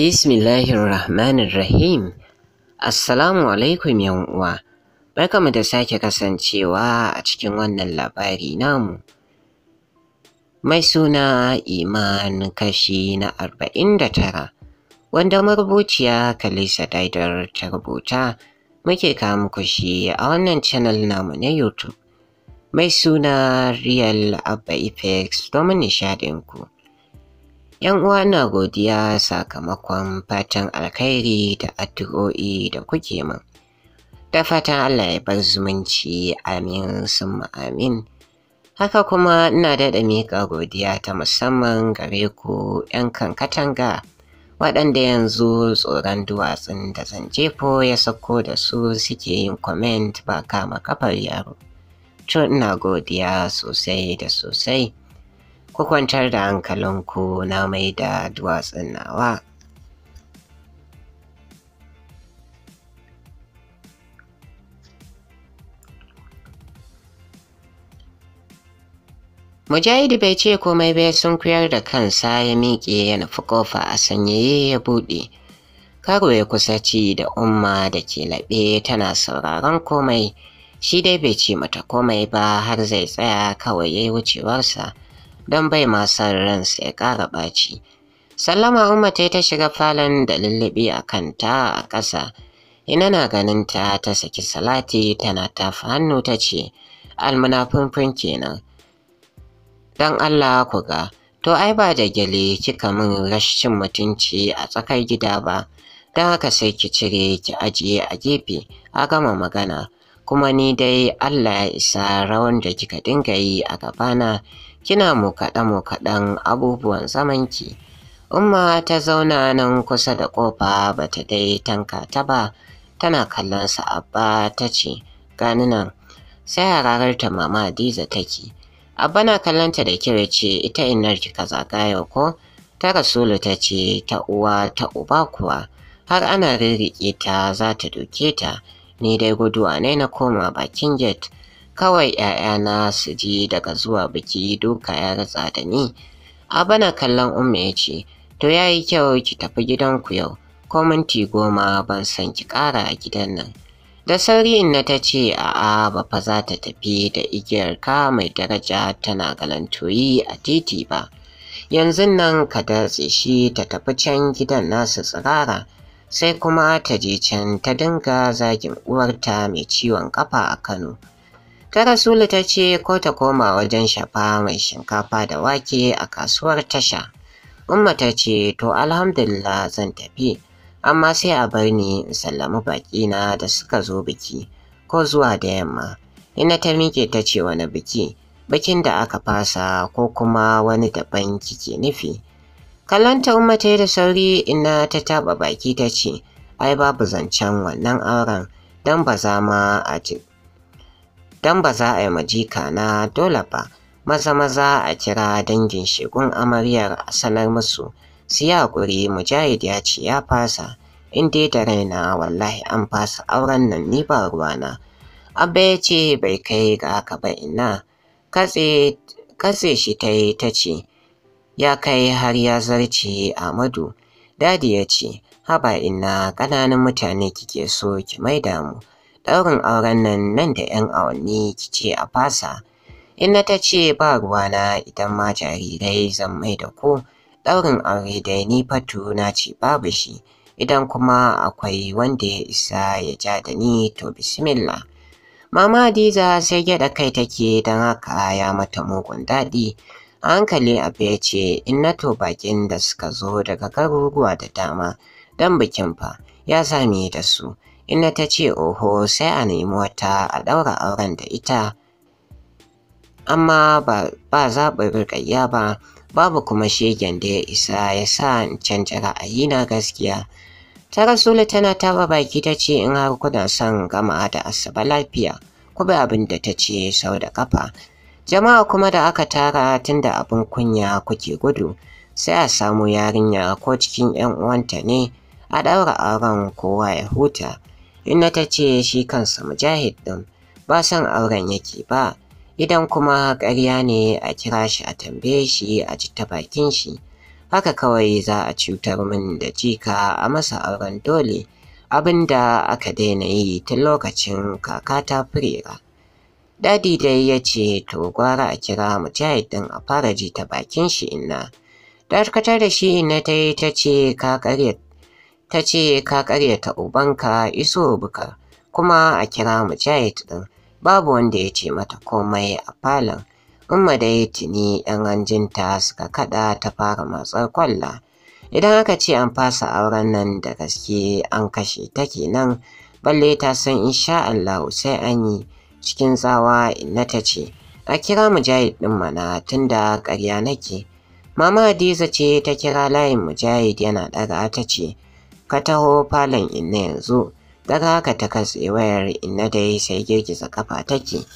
Bismillahirrahmanirrahim. Assalamu alaikum uwa. mu da sake kasancewa a cikin wannan labari namu. Mai suna Iman kashi na arba'in da tara, wanda marubuciya Kalisa Daidar ta rubuta muke kawo muku shi a wannan channel namu na YouTube. Mai suna Real Abba Effects domin nishadinku. ku. 'Yan uwa na godiya sakamakon fatan alkhairi da addu'o'i da kuke min. Da fatan Allah ya bar zumunci amin sun amin. Haka kuma ina daɗa miƙa godiya ta musamman gare ku 'yan kan katanga waɗanda yanzu tsoron duwatsun da zan jefo ya sauko da su suke yin comment ba kama kafar yaro. To ina godiya sosai da sosai. ku kwantar da hankalinku na mai da duwatsun nawa Mujahidu bai ce komai bai sun kuyar da kansa ya miƙe ya nufi ƙofa a sanyaye ya buɗe. Karo ya kusa ci da umma da ke laɓe tana sauraron komai, shi dai bai ce mata komai ba har zai tsaya kawai ya yi wucewarsa. don bai ma son ransa ya ƙara ɓaci. Sallama Umma ta ta shiga falon da lullubi a kanta a ƙasa. Ina na ganin ta ta saki salati tana tafa hannu ta ce, almunafunfun kenan. Don Allah ku ga, to ai ba da gyale kika min rashin mutunci a tsakar gida ba, don haka sai ki cire ki ajiye a gefe a gama magana. Kuma ni dai Allah ya isa rawan da kika dinga yi a gabana kina mu kaɗan abubuwan zamanki? Umma ta zauna nan kusa da ƙofa ba ta dai tanka ta ba, tana kallon sa Abba ta ce, gani nan, sai hararar ta mama Hadiza take. Abba na kallon ta da kira ce ita inar ki kaza gayo ko? Ta Rasulu ta ce ta uwa ta uba kuwa, har ana rirriƙe ta za ta doke ta, ni dai guduwa ne na koma bakin gate. kawai 'ya'yana su je daga zuwa biki duka ya ratsa da ni bana kallon umma ya ce to ya yi kyau ki tafi gidanku yau ko minti goma ban san ki ƙara a gidan nan da sauri na ta ce a'a ba fa za ta tafi da igiyar ka mai daraja tana galantoyi a titi ba yanzu nan ka datse shi ta tafi can gidan nasu tsirara sai kuma ta je can ta dinga zagin uwarta mai ciwon kafa a Kano ta rasulu ta ce ko ta koma wajen shafa mai shinkafa da wake a kasuwar tasha umma ta ce to alhamdulillah zan tafi amma sai a bar ni in sallami na da suka zo biki ko zuwa da yamma ina ta miƙe ta ce wani biki bikin da aka fasa ko kuma wani daban kike nufi kallonta umma ta yi da sauri ina ta taɓa baki ta ce ai babu zancen wannan auren don ba za ma a don ba za a yi majika na dole ba maza maza a kira dangin Shekun amaryar a sanar musu su yi haƙuri mujahid ya ce ya fasa in dai da raina wallahi an fasa auren nan ni ba ruwana abba ya ce bai kai ga haka ba ina katse shi ta yi ta ce ya kai har ya zarce amadu dadi ya ce haba ina ƙananan mutane kike so ki maida mu Daurin auren nan nan da 'yan awanni kice a fasa. in ta ce ba ruwa na idan ma jarirai zan mai da ku Daurin aure da ni fatu na ce babu shi idan kuma akwai wanda ya isa ya ja da ni to bismillah. Mama Hadiza sai gyaɗa kai take don haka ya mata mugun daɗi. A hankali abu ya ce in na to bakin da suka zo daga garuruwa da dama don bikin fa ya sami da su inda ta ce oho sai a nemi wata a ɗaura auren da ita amma ba zaɓin rikayya ba babu kuma shegen da ya isa ya sa in canja na gaskiya ta rasulu tana taba baki ta ce in har kuna son gama da asaba lafiya ku bi abin da ta ce sau da kafa jama'a kuma da aka tara tun da abin kunya kuke gudu sai a samu yarinya ko cikin 'yan uwanta ne a ɗaura auren kowa ya huta Inna ta ce shi kansa mujahid ɗin ba son auren yake ba, idan kuma ƙarya ne a kira shi a tambaye shi a ci ta bakin shi. Haka kawai za a cutar min da jika a masa auren dole abinda aka daina yi tun lokacin kakata firera. Dadi dai ya ce to gwara a kira mujahid ɗin a fara ji ta bakin shi inna. Dakatar da shi inna ta yi ta ce ka ƙaryata ta ce ka ta ubanka iso buka kuma a kira mujahid ɗin babu wanda ya ce mata komai a falon umma dai tuni yan ranjinta suka kaɗa ta fara matsar kwalla idan aka ce an fasa auren nan da gaske an kashe ta kenan balle ta san insha Allah sai an yi cikin tsawa inna ta ce a kira mujahid ɗin mana tunda ƙarya nake mama hadiza ce ta kira layin mujahid yana ɗaga ta ce ka taho falon inna yanzu daga haka ta katse wayar inna dai sai girgiza kafa take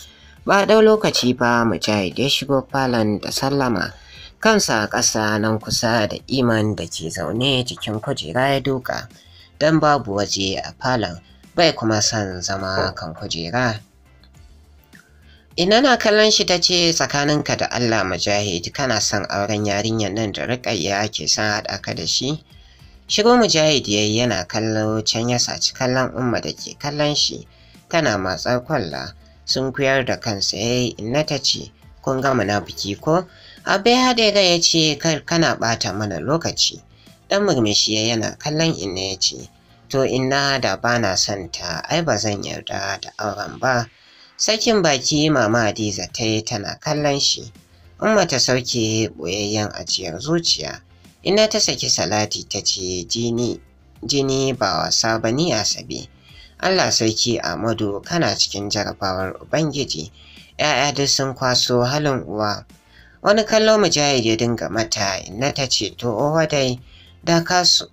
ba ɗau lokaci ba, mujahid ya shigo falon da sallama kansa ƙasa nan kusa da iman da ke zaune cikin kujera ya duka don babu waje a falon bai kuma son zama kan kujera. Ina na kallon shi ta ce tsakaninka da Allah mujahid kana son auren yarinyar nan da riƙayya ke son haɗa ka da shi? Shigo Mujahid yayi yana kallo can ya saci kallon Umma da ke kallon shi tana matsar kwalla sun kuyar da kansa yayi inna ta ce kun gama na biki?" ko Abba ya haɗe ga ya ce kana ɓata mana lokaci dan murmushi yana kallon inna ya ce to inna da ba na son ta ai ba zan yarda da auren ba sakin baki mama Hadiza ta yi tana kallon shi Umma ta sauke ɓoyayyen ajiyar zuciya Ina ta saki salati ta ce jini jini ba wasa ba ni asabe. Allah sarki Amadu kana cikin jarabawar Ubangiji. ‘Ya'ya duk sun kwaso halin uwa. Wani kallo mujahid ya dinga mata ina ta ce to uwa dai da kaso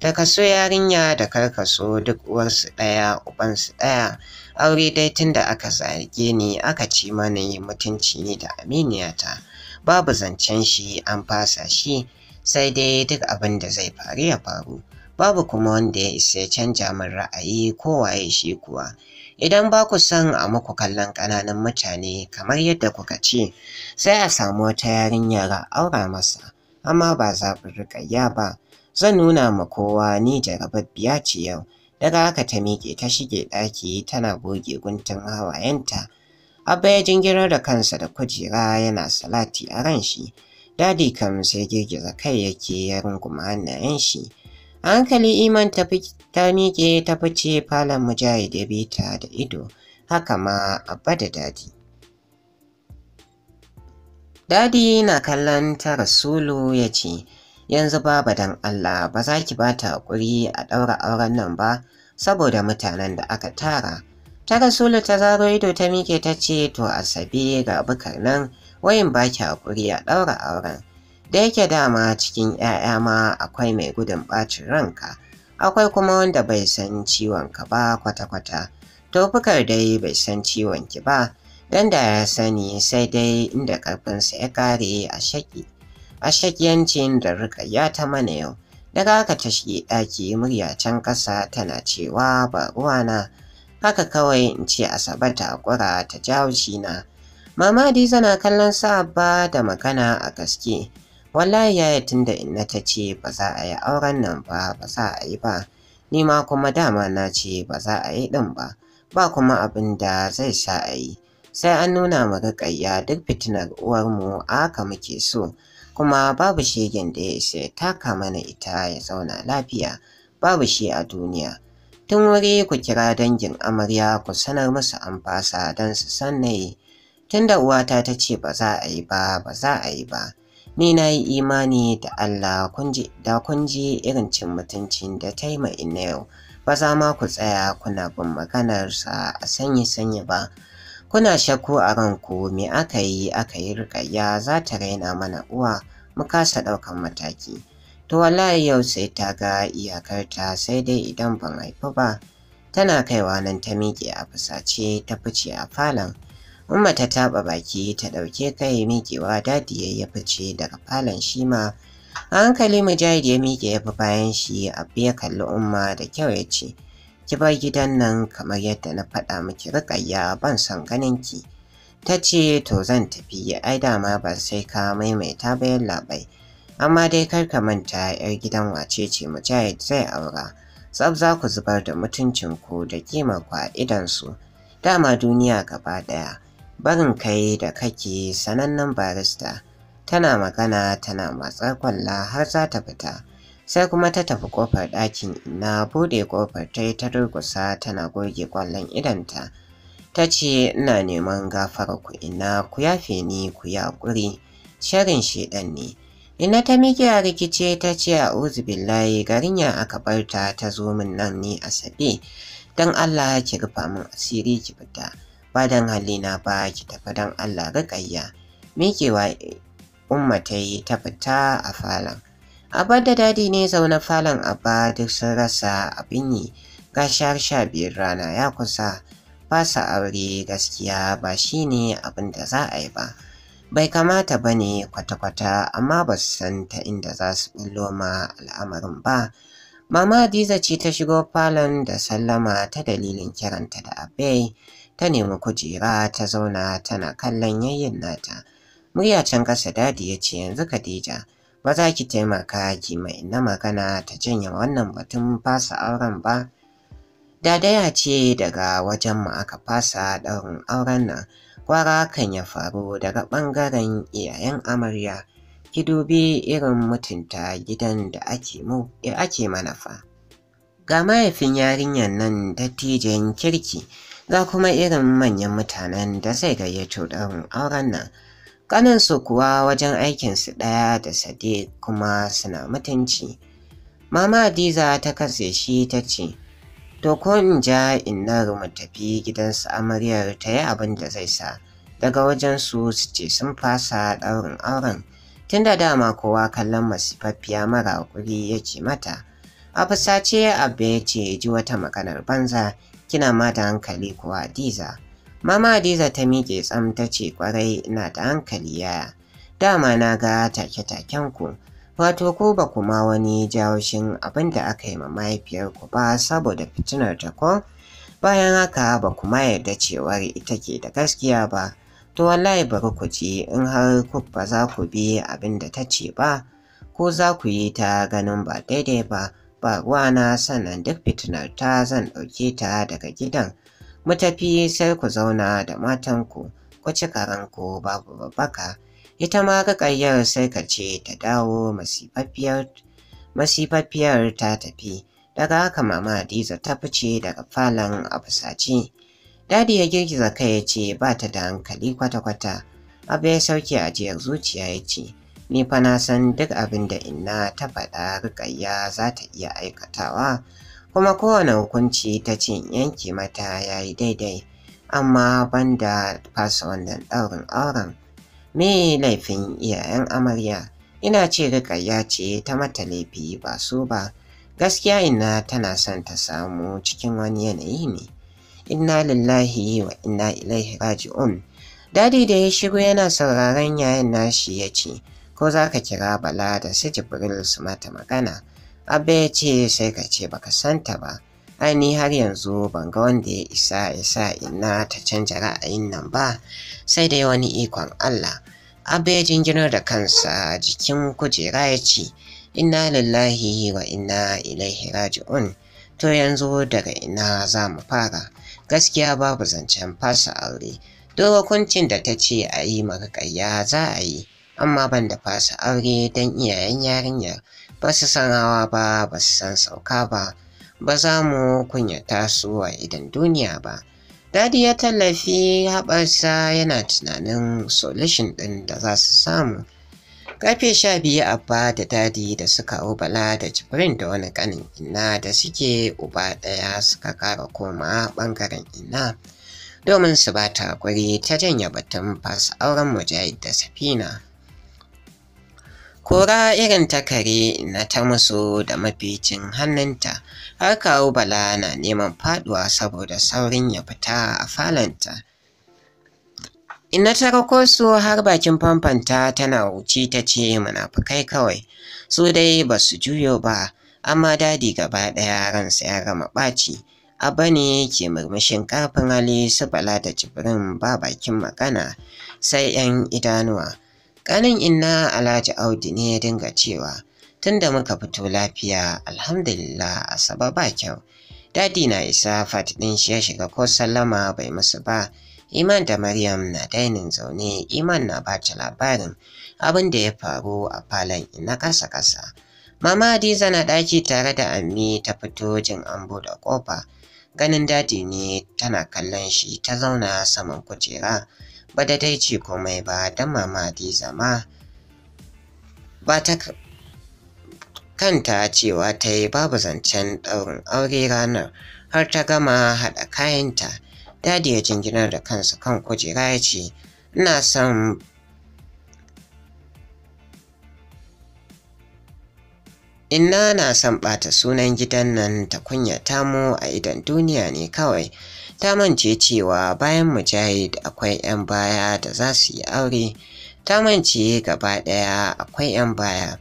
da kaso yarinya da karkaso duk uwarsu ɗaya ubansu ɗaya aure dai tun da aka zarge ni aka ci mana mutunci da aminiyata babu zancen shi an fasa shi sai dai duk abin da zai faru ya faru babu kuma wanda ya isa canja min ra'ayi ko waye shi kuwa idan ba ku son a muku kallon ƙananan mutane kamar yadda kuka ce sai a samu wata yarinya a aura masa amma ba zaɓin riƙayya ba zan nuna ma kowa ni jarababbiya ce yau daga haka ta miƙe ta shige ɗaki tana goge guntun hawayenta abba ya jingirar da kansa da kujera yana salati a ran shi Dadi kam sai girgiza kai yake ya runguma hannayen shi. A hankali Iman ta miƙe ta fice falon mujahid ya bi ta da ido, haka ma abba da dadi. Dadi na kallon ta Rasulu ya ce, Yanzu baba dan Allah ba za ki ba ta haƙuri a ɗaura auren nan ba saboda mutanen da aka tara. Ta Rasulu ta zaro ido ta miƙe ta ce, To Asabe ga bukar nan wayin baki hakuri a ɗaura auren. Da yake dama cikin 'ya'ya ma akwai mai gudun ɓacin ranka, akwai kuma wanda bai san ciwon ka ba kwata-kwata. Tofukar dai bai san ciwon ki ba, dan da ya sani sai dai inda ƙarfinsa ya kare a shaƙi. A shakiyancin da rika ta mana yau, daga haka ta shige ɗaki murya can ƙasa tana cewa ba ruwana. haka kawai in ce asabar ta haƙura ta jawo shi na Mama Hadiza na kallon sa da magana a gaske. Wallahi yaya tunda inna ta ce ba za a yi auren nan ba ba za a ba. Ni ma kuma dama na ce ba za a yi ɗin ba. Ba kuma abin da zai sa a yi. Sai an nuna mu riƙayya duk fitinar uwarmu aka muke so. Kuma babu shegen da ya isa taka mana ita ya zauna lafiya. Babu shi a duniya. Tun wuri ku kira dangin amarya ku sanar musu an don su san na yi. Tun da uwata ta ce ba za a yi ba, ba za a yi ba. Ni na yi imani da Allah da kun ji irin cin mutuncin da ta yi ma ina yau. Ba za ma ku tsaya kuna bin maganarsa a sanyi-sanyi ba. Kuna shakku a ranku me aka yi aka yi rikayya za ta raina mana uwa mu kasa ɗaukan mataki. To wallahi yau sai ta ga iyakarta sai dai idan ban haifi ba. Tana kaiwa nan ta miƙe a fusace ta fice a falon. Umma ta taɓa baki ta ɗauke kai mikewa dadi ya fice daga falon shi ma. A hankali Mujahid ya mike ya fi bayan shi abu ya kalli Umma da kyau ya ce, Ki bar gidan nan kamar yadda na faɗa miki rikayya ban son ganin ki. Ta ce to zan tafi ai dama ba sai ka maimaita bayan labai. Amma dai kar ka manta 'yar gidan wace ce Mujahid zai aura. Tsaf za ku zubar da mutuncinku da kima kwa su. su Dama duniya gaba ɗaya. barin kai da kake sanannen barista tana magana tana matsar kwalla har za ta fita sai kuma ta tafi kofar ɗakin na buɗe kofar ta yi ta durgusa tana goge kwallon idanta ta ce ina neman gafar ku ina ku yafe ni ku yaƙuri sharin shedan ne ina ta miƙe a rikice ta ce a uzubillahi garinya aka barta ta zo min nan ne a saɓe don allah ki rufa min asiri ki fita ba dan halina ba ki tafi dan Allah riƙayya mikewa umma ta yi ta fita a falon Abar da dadi ne zaune falon abba duk sun rasa abin yi ga shar sha biyar rana ya kusa Ba fasa aure gaskiya ba shine ne abin da za a yi ba bai kamata ba ne kwata-kwata amma ba su san ta inda za su ɓullo ma al'amarin ba mama Hadiza ce ta shigo falon da sallama ta dalilin kiranta da abai ta nemi kujera ta zauna tana kallon yayin nata. Murya can kasa dadi ya ce yanzu Khadija ba za ki taimaka ki mai na magana ta janye wannan batun fasa auren ba. Dadaya ce daga wajen mu aka fasa ɗaurin auren nan. Kwara kan ya faru daga ɓangaren iyayen amarya. Ki dubi irin mutunta gidan da ake mu eh, ake mana Ga mahaifin yarinyar nan dattijan kirki ga kuma irin manyan mutanen da zai gayyato ɗaurin auren nan. Ƙaninsu kuwa wajen aikinsu ɗaya da sade kuma suna mutunci. Mama Hadiza ta katse shi ta ce, To ko in ja innar mu tafi gidansu amaryar ta yi abin da zai sa daga wajen su su ce sun fasa ɗaurin auren. Tunda dama kowa kallon masifaffiya mara ya yake mata. A fusace Abba ya ce ji wata maganar banza kina mata hankali ko Hadiza. Mama Hadiza ta miƙe tsam ta ce kwarai ina da hankali yaya. Dama na ga take-taken ku. Wato ko ba kuma wani jawashin abin da aka yi ma mahaifiyarku ba saboda fitinar ta ko? Bayan haka ba kuma yarda cewar ita ke da gaskiya ba. To wallahi bari ku ji in har ku ba za ku bi abin da ta ce ba, ko za ku yi ta ganin ba daidai ba, ba na sannan duk fitinar ta zan ɗauke ta daga gidan mu tafi sai ku zauna da matanku ku ci karanku babu babbaka ita ma ƙaƙayyar sai ka ce ta dawo masifaffiyar ta tafi daga haka mama Hadiza ta fice daga falon a fusace dadi ya girgiza kai ya ce ba ta da hankali kwata-kwata abu ya sauke ajiyar zuciya ya ce ni fa na san duk abin da inna ta faɗa Rukayya za ta iya aikatawa kuma kowane hukunci ta ce yanke mata ya yi daidai amma ban da fasa wannan ɗaurin auren me laifin iyayen amarya ina ce rikayya ce ta mata laifi ba su ba gaskiya ina tana son ta samu cikin wani yanayi ne inna lillahi wa inna ilaihi raji'un dadi da ya shigo yana sauraron yayin nashi ya ce ko za ka kira Bala da sai Jibril su mata magana. Abba ce sai ka ce baka santa ba, ai ni har yanzu ban ga wanda ya isa ya ina ta canja ra'ayin nan ba, sai dai wani ikon Allah. abe ya da kansa jikin kujera ya ce, Inna lillahi wa ina, ilaihi raji'un. To yanzu daga ina za mu fara, gaskiya babu zancen fasa aure, duk hukuncin da ta ce a yi za a yi. amma ban da fasa aure don iyayen yarinyar ba su san hawa ba ba su san sauka ba ba za mu kunyata su a idan duniya ba dadi ya tallafi haɓarsa yana tunanin solution ɗin da za su samu Karfe sha biyu Abba da Dadi da suka hau Bala da Jibrin da wani ƙanin ina da suke uba ɗaya suka ƙara koma ɓangaren ina domin su ba ta ta janya batun fasa auren Mujahid da Safina. Kora irin ta kare na ta musu da maficin hannunta har kawo bala na neman faduwa saboda saurin ya fita a falanta ina ta rako su har bakin famfanta tana wuce ta ce munafukai kawai su dai ba su juyo ba amma dadi gaba ɗaya ransa ya gama ɓaci abba ne ke murmushin karfin hali su bala da jibrin ba bakin magana sai 'yan idanuwa Ƙanin inna Alhaji Audu ne ya dinga cewa tunda muka fito lafiya alhamdulillah asaba ba kyau. Dadi na isa fat ɗin shi ya shiga ko sallama bai musu ba. Iman da Maryam na dainin zaune Iman na bata labarin abin da ya faru a falon na kasa kasa. Mama Hadiza na ɗaki tare da Ammi ta fito jin an ƙofa. Ganin dadi ne tana kallon shi ta zauna saman kujera. ba da dai ce komai ba don mama Hadiza ba ta kanta cewa ta yi babu zancen ɗaurin aure ranar har ta gama haɗa kayanta dadi ya jingina da kansa kan kujera ya ce ina son Inna na son ɓata sunan gidan nan ta kunya mu a idan duniya ne kawai ta mance cewa bayan mujahid akwai 'yan baya da za su yi aure ta mance gaba ɗaya akwai 'yan baya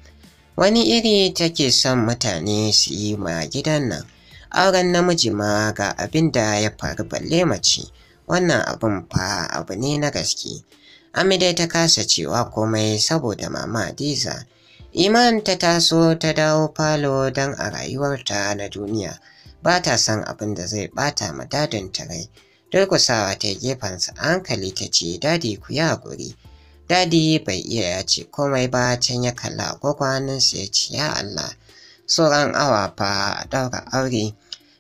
wani iri take son mutane su yi ma gidan nan auren namiji ma ga abin da ya faru balle mace wannan abin fa abu ne na gaske amidai ta kasa cewa komai saboda mama diza iman ta taso ta dawo falo don a rayuwarta na duniya ba ta son abin da zai bata ma dadin ta rai. Durkusawa ta gefensa sa hankali ta ce dadi ku yi haƙuri. Dadi bai iya ya ce komai ba can ya kalla agwagwaninsa ya ce ya Allah. Sauran awa fa a ɗaura aure.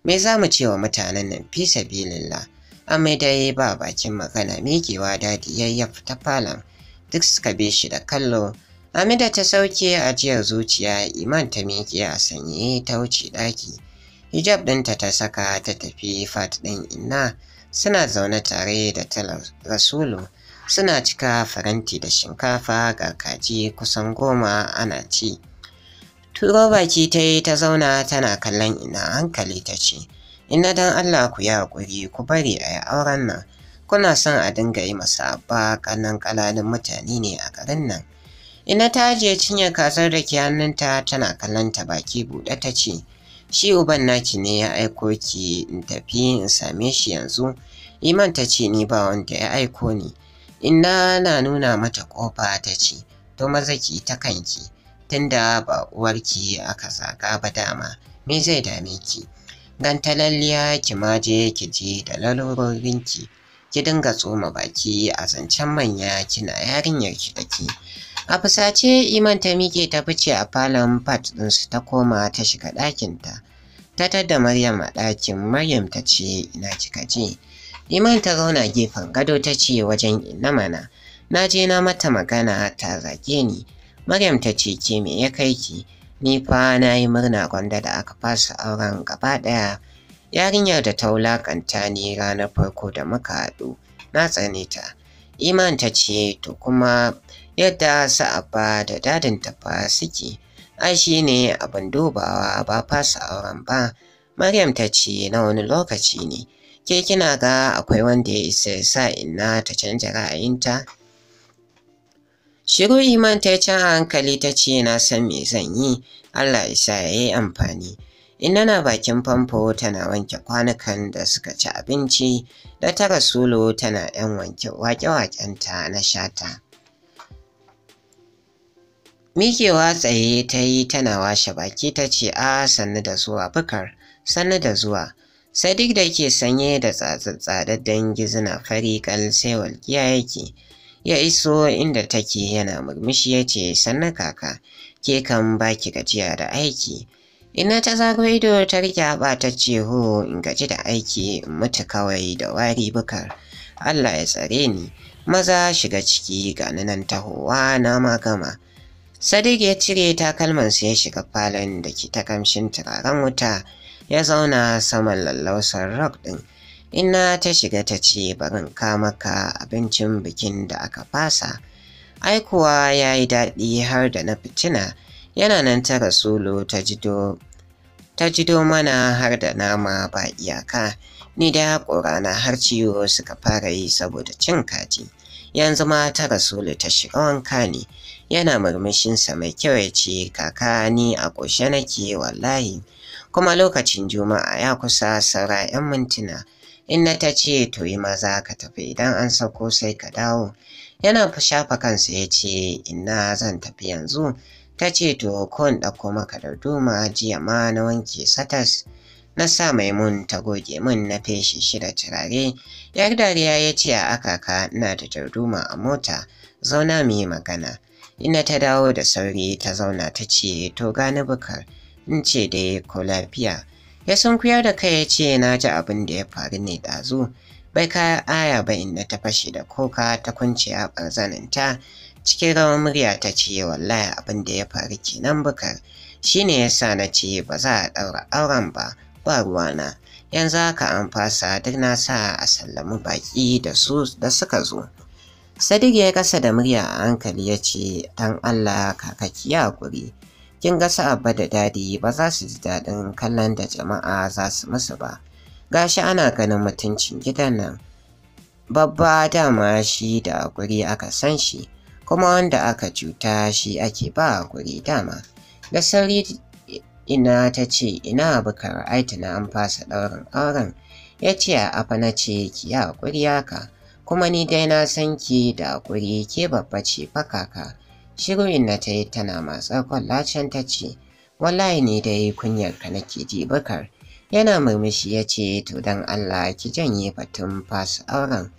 Me za mu ce wa mutanen nan fi sabilillah. Amma dai ba bakin magana miƙewa dadi ya ya fita falon. Duk suka bi shi da kallo. Amida ta sauke ajiyar zuciya iman ta miƙe a sanye ta wuce ɗaki. hijab ɗinta ta saka ta tafi fat ɗin inna suna zaune tare da talar rasulu suna cika faranti da shinkafa ga kaji kusan goma ana ci turo baki ta yi ta zauna tana kallon ina hankali ta ce ina don allah ku ya haƙuri ku bari a yi auren nan kuna son a dinga yi masa abba kanan kalalin mutane ne a garin nan ina ta ajiye cinye kazar da ke hannunta tana kallon ta baki buɗe ta ce shi uban naki ne ya aiko ki in tafi in same shi yanzu iman ta ce ni ba wanda ya aiko ni inna na nuna mata kofa ta ce to maza ki ta kanki tunda ba uwarki aka saka ba dama me zai dame ki dan talalliya ki ma je ki je da lalurorinki ki dinga tsoma baki a zancen manya kina yarinyar ki take A fusace Iman ta miƙe ta fice a falon pat ɗinsu ta koma ta shiga ɗakinta. Ta tadda Maryam a ɗakin Maryam ta ce ina kika je. Iman ta zauna gefen gado ta ce wajen ina mana. Na je na mata magana ta zage ni. Maryam ta ce ke me ya kai ki? Ni fa na yi murna gwanda da aka fasa auren gaba ɗaya. Yarinyar da ta wulakanta ne ranar farko da muka haɗu. Na tsane ta. Iman ta ce to kuma yadda abba da dadin tafa suke ai shi ne abin dubawa ba fasa auren ba maryam ta ce na wani lokaci ne ke kina ga akwai wanda ya isa sa inna ta canja ra'ayinta shiru iman ta ci hankali ta ce na san me zan yi allah isa ya yi amfani Inna na bakin famfo tana wanke kwanukan da suka ci abinci da ta rasulu tana 'yan wanke wake ta na shata. Mikewa tsaye ta yi tana washe baki ta ce a sannu da zuwa bukar, sannu da zuwa. Sadiq da ke sanye da tsadaddan gizina fari kal sai walƙiya yake. Ya iso inda take yana murmushi ya ce sannu kaka, ke kan baki gajiya da aiki. Ina ta zago ido ta riƙe haɓa ta ce ho in gaji da aiki in mutu kawai da wari bukar. Allah ya tsare ni, maza shiga ciki ga nan tahowa na magama. Sadiq ya cire takalmansa ya shiga falon da ke ta kamshin turaren wuta ya zauna saman lallausar rock ɗin. Inna ta shiga ta ce barin ka maka abincin bikin da aka fasa. Aikuwa ya yi daɗi har da na fitina yana nan ta rasulu ta jido ta jido mana har da nama ba iyaka ni da ƙorana har ciwo suka fara yi saboda cin kaji yanzu ma ta rasulu ta shiga wanka ne yana murmushinsa mai kyau ya ce kaka ni a ƙoshe nake wallahi kuma lokacin juma'a ya kusa saura 'yan mintuna in na ta ce to yi maza ka tafi idan an sauko sai ka dawo yana shafa kansa ya ce ina zan tafi yanzu ta ce to ko in ɗauko maka da duma jiya ma na wanke satas na sa mai mun ta goge mun na feshi shi da turare yar dariya ya ce a akaka ina da darduma a mota zauna mu yi magana Ina ta dawo da sauri ta zauna ta ce to gani bukar in ce dai ko lafiya. Ya sunkuyar da kai ya ce na ji abin da ya faru ne ɗazu. Bai kaya aya ba inda ta fashe da koka ta kunce a ɓarzaninta cikin rawar murya ta ce wallahi abin da ya faru kenan bukar. Shi ne ya sa na ce ba za a ɗaura auren ba ba ruwana. Yanzu haka an fasa duk na sa a sallami baƙi da su da suka zo. Sadiq ya yi ƙasa da murya a hankali ya ce, "Dan Allah kakaki ya kuri kin ga Abba da dadi ba za su ji daɗin kallon da jama'a za su musu ba. Gashi ana ganin mutuncin gidan nan. Babba dama shi da kuri aka san shi, kuma wanda aka cuta shi ake ba kuri dama. Da sauri ina ta ce, "Ina bukar aiti na an fasa ɗaurin auren." Ya ce, "A afa na ce, ki ya kuri haka." kuma ni dai na san ki da hakuri ke babba ce fa kaka shirin na ta yi tana matsar kwallacen ta ce wallahi ni dai kunyar ka nake ji bakar yana murmushi ya ce to dan Allah ki janye batun fasa auren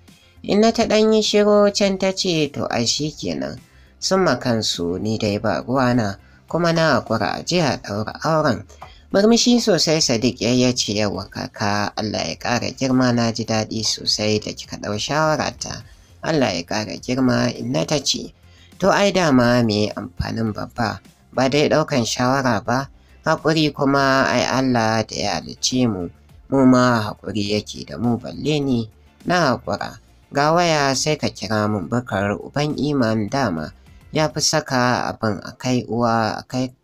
in na ta dan yi shiro can ta ce to ai kenan sun makansu ni dai ba ruwana kuma na hakura a jiha ɗaura auren Murmushi sosai Sadiq ya ce yawa kaka Allah ya ƙara girma na ji daɗi sosai da kika ɗau ta. Allah ya ƙara girma inna ta ce, To ai dama me amfanin babba, ba dai ɗaukan shawara ba, haƙuri kuma ai Allah da ya mu, mu ma haƙuri yake da mu balle ni na haƙura. Ga waya sai ka kira mun bakar uban iman dama, ya fi saka abin a kai uwa a kai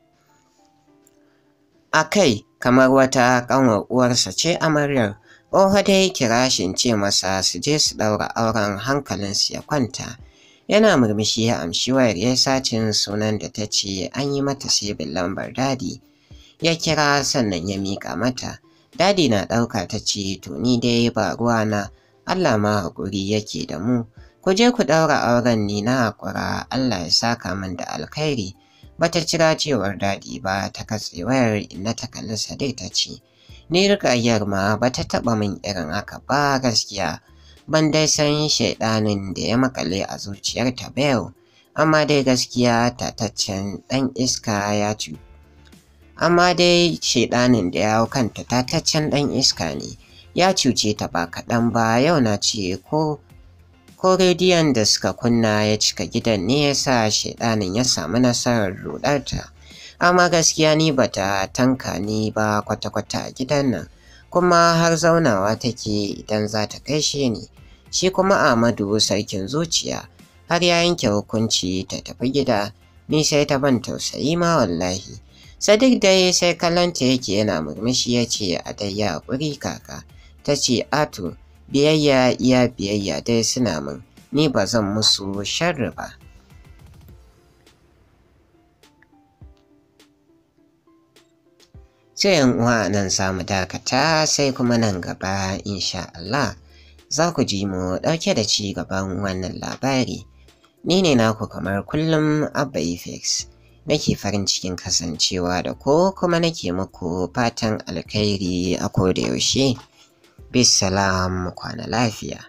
a kai kamar wata ƙanwar uwarsa ce amaryar. Oho dai kirashin ce masa su je su ɗaura auren hankalinsu ya kwanta. Yana murmushi ya amshi wayar ya sacin sunan da ta ce an yi mata sibin lambar dadi. Ya kira sannan ya miƙa mata. Dadi na ɗauka ta ce to ni dai ba ruwa na Allah ma haƙuri yake da mu. Ku je ku ɗaura auren ni na haƙura Allah ya saka min da alkhairi. Bata cira cewar daɗi ba ta katse wayar inda ta kalli Sadiq ta ce, Ni rikayyar ma bata taɓa min irin haka ba gaskiya. Ban dai san shaidanin da ya makale a zuciyarta ba yau, amma dai gaskiya tataccen ɗan iska ya ci. Amma dai shaidanin da ya hau kanta tataccen ɗan iska ne, ya cuce ta ba kaɗan ba yau na ce ko ko rediyon da suka kunna ya cika gidan ne ya sa shaidanin ya samu nasarar rudarta. Amma gaskiya ni bata tanka ni ba kwata-kwata a gidan nan, kuma har zaunawa take idan za ta kai shi ne. Shi kuma Amadu sarkin zuciya, har ya yanke hukunci ta tafi gida, ni sai ta ban tausayi ma wallahi. Sadiq dai sai kallonta yake yana murmushi ya ce a dai ya kaka, ta ce Ato, biyayya iya biyayya dai suna min ni ba zan musu sharri ba sai yan uwa nan samu dakata sai kuma nan gaba insha Allah za ku ji mu ɗauke da ci gaban wannan labari ni ne naku kamar kullum abba effects nake farin cikin kasancewa da ko kuma nake muku fatan alkhairi a koda yaushe bisalam kwana lafiya